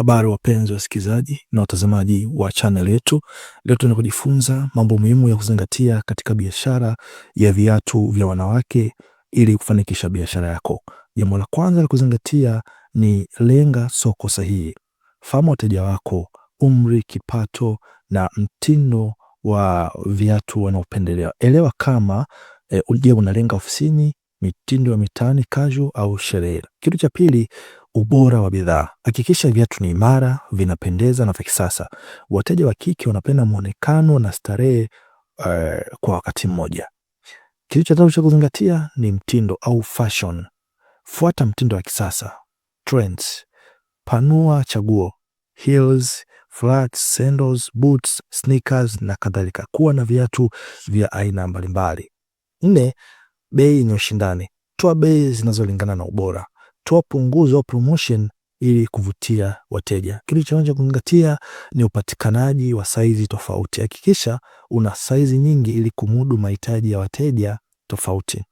Habari wapenzi wasikilizaji na watazamaji wa channel yetu, leo tunaenda kujifunza mambo muhimu ya kuzingatia katika biashara ya viatu vya wanawake ili kufanikisha biashara yako. Jambo la kwanza la kuzingatia ni lenga soko sahihi. Fahamu wateja wako, umri, kipato na mtindo wa viatu wanaopendelewa. Elewa kama eh, je, unalenga ofisini, mitindo ya mitaani, casual au sherehe. Kitu cha pili, Ubora wa bidhaa. Hakikisha viatu ni imara, vinapendeza na vya kisasa. Wateja wa kike wanapenda mwonekano na starehe uh, kwa wakati mmoja. Kitu cha tatu cha kuzingatia ni mtindo au fashion. Fuata mtindo wa kisasa trends. Panua chaguo heels, flats, sandals, boots, sneakers na kadhalika. Kuwa na viatu vya aina mbalimbali. Nne, bei yenye ushindani. Toa bei zinazolingana na ubora kutoa punguzo au promotion ili kuvutia wateja. Kitu cha kwanza kuzingatia ni upatikanaji wa saizi tofauti. Hakikisha una saizi nyingi ili kumudu mahitaji ya wateja tofauti.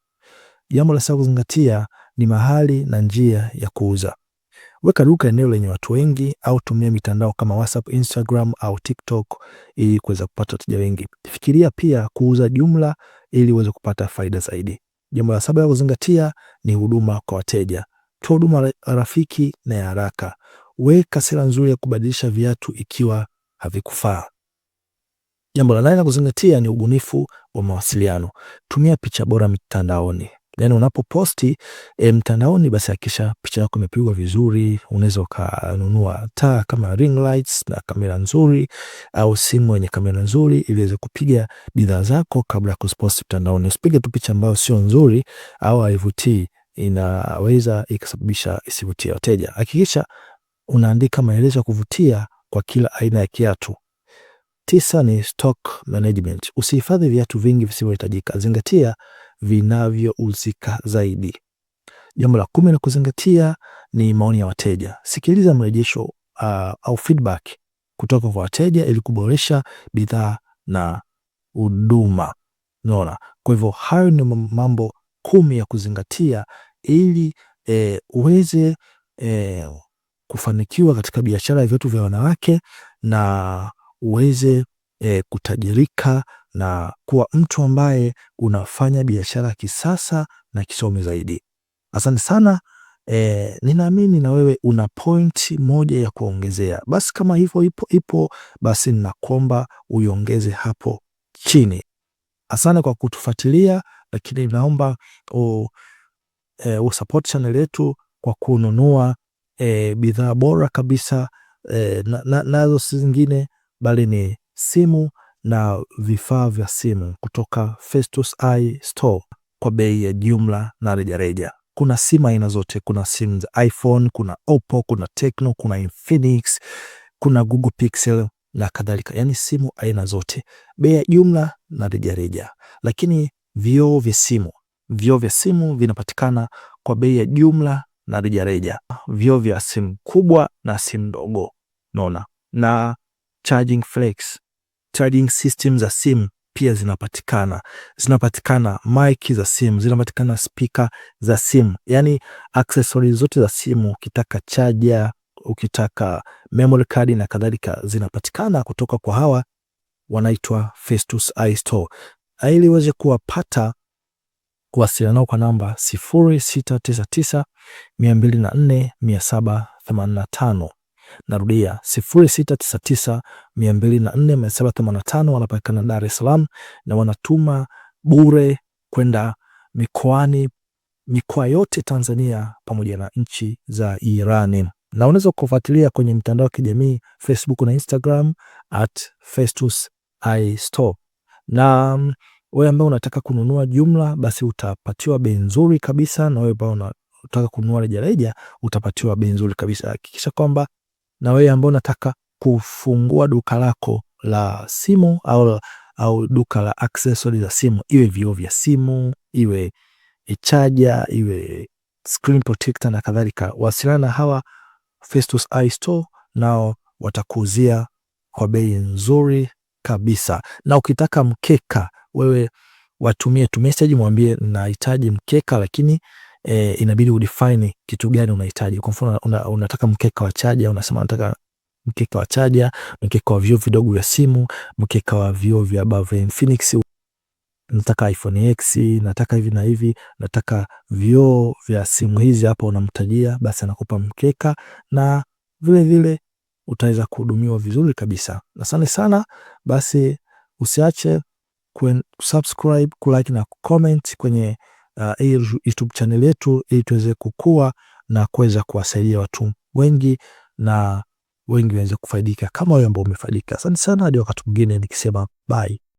Jambo la sita kuzingatia ni mahali na njia ya kuuza. Weka duka eneo lenye watu wengi au tumia mitandao kama WhatsApp, Instagram au TikTok ili kuweza kupata wateja wengi. Fikiria pia kuuza jumla ili uweze kupata faida zaidi. Jambo la saba la kuzingatia ni huduma kwa wateja. Toa huduma rafiki na ya haraka. Weka sera nzuri ya kubadilisha viatu ikiwa havikufaa. Jambo la nane la kuzingatia ni ubunifu wa mawasiliano. Tumia picha bora mitandaoni. Yani unapoposti e, mtandaoni basi hakikisha picha yako imepigwa vizuri. Unaweza ukanunua taa kama ring lights na kamera nzuri, au simu yenye kamera nzuri ili iweze kupiga bidhaa zako kabla ya kuziposti mtandaoni. Usipige tu picha ambayo sio nzuri au haivutii inaweza ikasababisha isivutie wateja. Hakikisha unaandika maelezo ya kuvutia kwa kila aina ya kiatu. Tisa ni stock management. Usihifadhi viatu vingi visivyohitajika, zingatia vinavyouzika zaidi. Jambo la kumi la kuzingatia ni maoni ya wateja. Sikiliza mrejesho uh, au feedback kutoka kwa wateja ili kuboresha bidhaa na huduma. Unaona, kwa hivyo hayo ni mambo kumi ya kuzingatia ili e, uweze e, kufanikiwa katika biashara ya viatu vya wanawake na uweze e, kutajirika na kuwa mtu ambaye unafanya biashara kisasa na kisomi zaidi. Asante sana. E, ninaamini na wewe una point moja ya kuongezea. Basi kama hivyo ipo ipo, basi ninakuomba uiongeze hapo chini. Asante kwa kutufuatilia, lakini naomba e, eh, usupport channel yetu kwa kununua e, bidhaa bora kabisa e, eh, nazo na, na si zingine bali ni simu na vifaa vya simu kutoka Festus i Store kwa bei ya jumla na rejareja. Kuna simu aina zote, kuna simu za iPhone, kuna Oppo, kuna Tecno, kuna Infinix, kuna Google Pixel na kadhalika, yaani simu aina zote, bei ya jumla na rejareja. Lakini vioo vya simu Vioo vya simu vinapatikana kwa bei ya jumla na rejareja, vioo vya simu kubwa na simu ndogo, unaona. Na charging flex, charging system za simu pia zinapatikana, zinapatikana mic za simu, zinapatikana spika za simu, yaani accessories zote za simu, ukitaka chaja, ukitaka memory card na kadhalika, zinapatikana kutoka kwa hawa wanaitwa Festus iStore. Ili uweze kuwapata kuwasiliana nao kwa namba 0699 Narudia 0699 Wanapatikana Dar es Salaam na wanatuma bure kwenda mikoani mikoa yote Tanzania pamoja na nchi za Irani, na unaweza kufuatilia kwenye mitandao ya kijamii Facebook na Instagram at Festus iStore na wewe ambaye unataka kununua jumla, basi utapatiwa bei nzuri kabisa, na wewe ambaye unataka kununua rejareja utapatiwa bei nzuri kabisa. Hakikisha kwamba na wewe ambaye unataka kufungua duka lako la simu au, au duka la accessories za simu, iwe vioo vya simu, iwe e chaja, iwe screen protector na kadhalika, wasiliana na hawa Festus Eye Store, nao watakuuzia kwa bei nzuri kabisa. Na ukitaka mkeka wewe watumie tu message, mwambie nahitaji mkeka, lakini e, inabidi udefine kitu gani unahitaji. Kwa mfano una, unataka mkeka wa chaja, unasema nataka mkeka wa chaja, mkeka wa vioo vidogo vya simu, mkeka wa vioo vya Bavarian Phoenix, nataka iPhone X, nataka hivi na hivi, nataka vioo vya simu hizi hapa, unamtajia basi anakupa mkeka, na vile vile utaweza kuhudumiwa vizuri kabisa. Asante sana, basi usiache kusubscribe, kulike na kucomment kwenye uh, YouTube channel yetu ili tuweze kukua na kuweza kuwasaidia watu wengi na wengi waweze kufaidika kama wewe ambao umefaidika. Asante sana, hadi wakati mwingine nikisema bye.